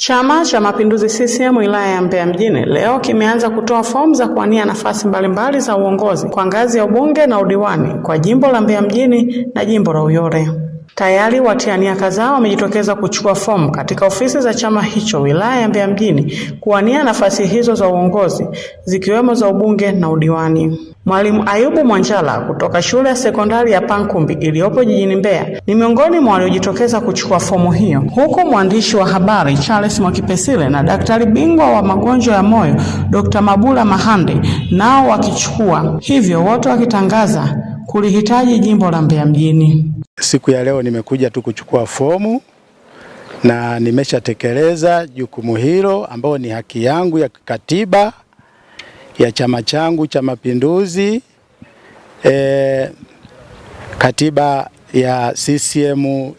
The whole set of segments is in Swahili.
Chama cha Mapinduzi CCM wilaya ya Mbeya mjini leo kimeanza kutoa fomu za kuwania nafasi mbalimbali za uongozi kwa ngazi ya ubunge na udiwani kwa jimbo la Mbeya mjini na jimbo la Uyole. Tayari watiania kadhaa wamejitokeza kuchukua fomu katika ofisi za chama hicho wilaya ya Mbeya mjini kuwania nafasi hizo za uongozi zikiwemo za ubunge na udiwani. Mwalimu Ayubu Mwanjala kutoka shule ya sekondari ya Pankumbi iliyopo jijini Mbeya ni miongoni mwa waliojitokeza kuchukua fomu hiyo, huku mwandishi wa habari Charles Mwakipesile na daktari bingwa wa magonjwa ya moyo Dr. Mabula Mahande nao wakichukua, hivyo wote wakitangaza kulihitaji jimbo la Mbeya mjini siku ya leo nimekuja tu kuchukua fomu na nimeshatekeleza jukumu hilo ambayo ni haki yangu ya kikatiba ya chama changu cha Mapinduzi, e, katiba ya CCM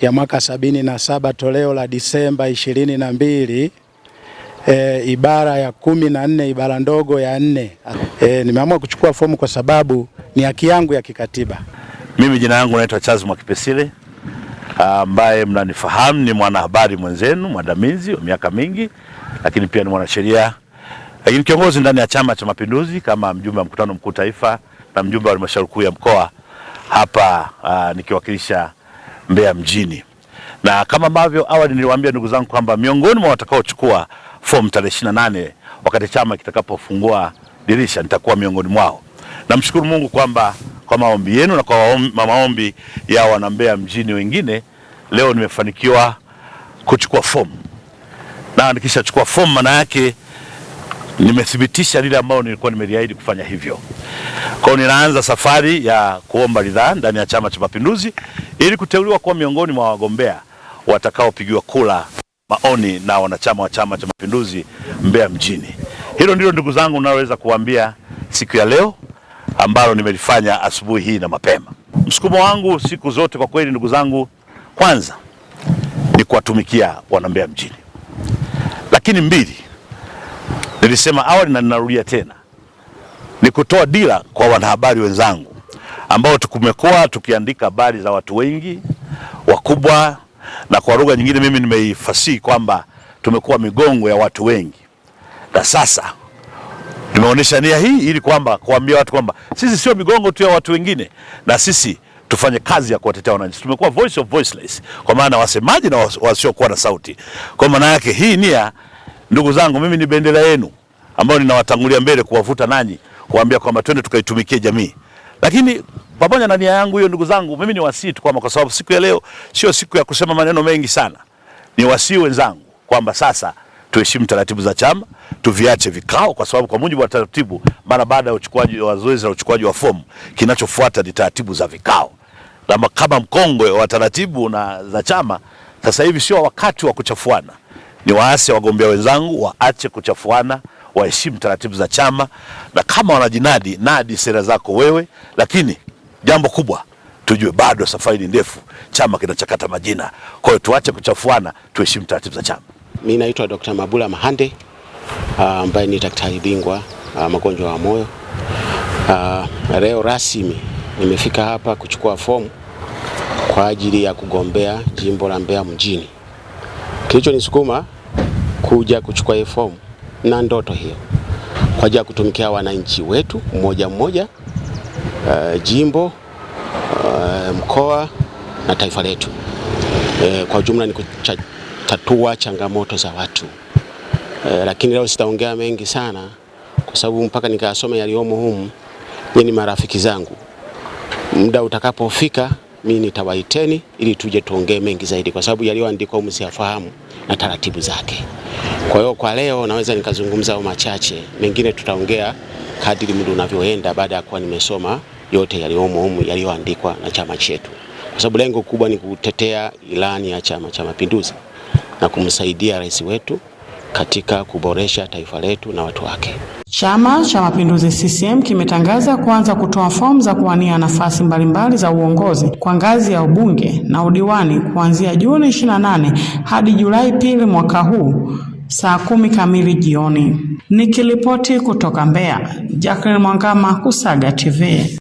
ya mwaka sabini na saba toleo la Disemba ishirini na mbili e, ibara ya kumi na nne ibara ndogo ya nne. E, nimeamua kuchukua fomu kwa sababu ni haki yangu ya kikatiba. Mimi jina langu naitwa Charles Mwakipesile ambaye mnanifahamu ni mwanahabari mwenzenu mwandamizi wa miaka mingi, lakini pia ni mwanasheria, lakini kiongozi ndani ya Chama cha Mapinduzi kama mjumbe wa mkutano mkuu taifa na mjumbe wa halmashauri kuu ya mkoa hapa uh, nikiwakilisha Mbeya mjini, na kama ambavyo awali niliwaambia ndugu zangu kwamba miongoni mwa watakaochukua fomu tarehe nane wakati chama kitakapofungua dirisha nitakuwa miongoni mwao. Namshukuru Mungu kwamba kwa maombi yenu na kwa maombi ya wanambea mjini wengine, leo nimefanikiwa kuchukua fomu, na nikishachukua fomu, maana yake nimethibitisha lile ambalo nilikuwa nimeliahidi kufanya hivyo. Kwa hiyo ninaanza safari ya kuomba ridhaa ndani ya Chama cha Mapinduzi ili kuteuliwa kuwa miongoni mwa wagombea watakaopigiwa kura maoni na wanachama wa Chama cha Mapinduzi Mbeya mjini. Hilo ndilo ndugu zangu, mnaloweza kuambia siku ya leo ambalo nimelifanya asubuhi hii na mapema. Msukumo wangu siku zote kwa kweli, ndugu zangu, kwanza ni kuwatumikia wanambea mjini, lakini mbili, nilisema awali na ninarudia tena, ni kutoa dira kwa wanahabari wenzangu ambao tumekuwa tukiandika habari za watu wengi wakubwa, na kwa lugha nyingine mimi nimeifasihi kwamba tumekuwa migongo ya watu wengi na sasa Nimeonyesha nia hii ili kwamba kuambia watu kwamba sisi sio migongo tu ya watu wengine, na sisi tufanye kazi ya kuwatetea wananchi. Tumekuwa voice of voiceless, kwa maana wasemaji na wasiokuwa na sauti. Kwa maana yake hii nia, ndugu zangu, mimi ni bendera yenu ambayo ninawatangulia mbele kuwavuta nanyi, kuambia kwamba twende tukaitumikie jamii. Lakini pamoja na nia yangu hiyo, ndugu zangu, mimi ni wasii tu kwamba, kwa sababu siku ya leo sio siku ya kusema maneno mengi sana, ni wasii wenzangu kwamba sasa tuheshimu taratibu za chama, tuviache vikao, kwa sababu kwa mujibu wa taratibu, mara baada ya uchukuaji wa zoezi la uchukuaji wa fomu, kinachofuata ni taratibu za vikao, na kama mkongwe wa taratibu na za chama, sasa hivi sio wakati wa kuchafuana. Ni waasi wagombea wenzangu waache kuchafuana, waheshimu taratibu za chama, na kama wanajinadi nadi sera zako wewe, lakini jambo kubwa tujue bado safari ni ndefu, chama kinachakata majina. Kwa hiyo tuache kuchafuana, tuheshimu taratibu za chama mi naitwa Dr. Mabula Mahande ah, ambaye ni daktari bingwa ah, magonjwa ya moyo. Ah, leo rasmi nimefika hapa kuchukua fomu kwa ajili ya kugombea jimbo la Mbeya mjini. kilicho nisukuma kuja kuchukua hii fomu na ndoto hiyo kwa ajili ya kutumikia wananchi wetu mmoja mmoja, uh, jimbo, uh, mkoa na taifa letu. uh, kwa ujumla ni tatua changamoto za watu e, lakini leo sitaongea mengi sana kwa sababu mpaka nikayasome yaliomo humu. ni ni marafiki zangu, muda utakapofika mimi nitawaiteni ili tuje tuongee mengi zaidi, kwa sababu yaliyoandikwa humu siyafahamu na taratibu zake. Kwa hiyo kwa leo naweza nikazungumza au machache, mengine tutaongea kadiri muda unavyoenda, baada ya kuwa nimesoma yote yaliyomo humu yaliyoandikwa na chama chetu, kwa sababu lengo kubwa ni kutetea ilani ya Chama cha Mapinduzi na kumsaidia rais wetu katika kuboresha taifa letu na watu wake. Chama cha Mapinduzi CCM kimetangaza kuanza kutoa fomu za kuwania nafasi mbalimbali za uongozi kwa ngazi ya ubunge na udiwani kuanzia Juni 28 hadi Julai pili mwaka huu saa kumi kamili jioni. Nikilipoti kutoka Mbeya, Jacqueline Mwangama, Kusaga TV.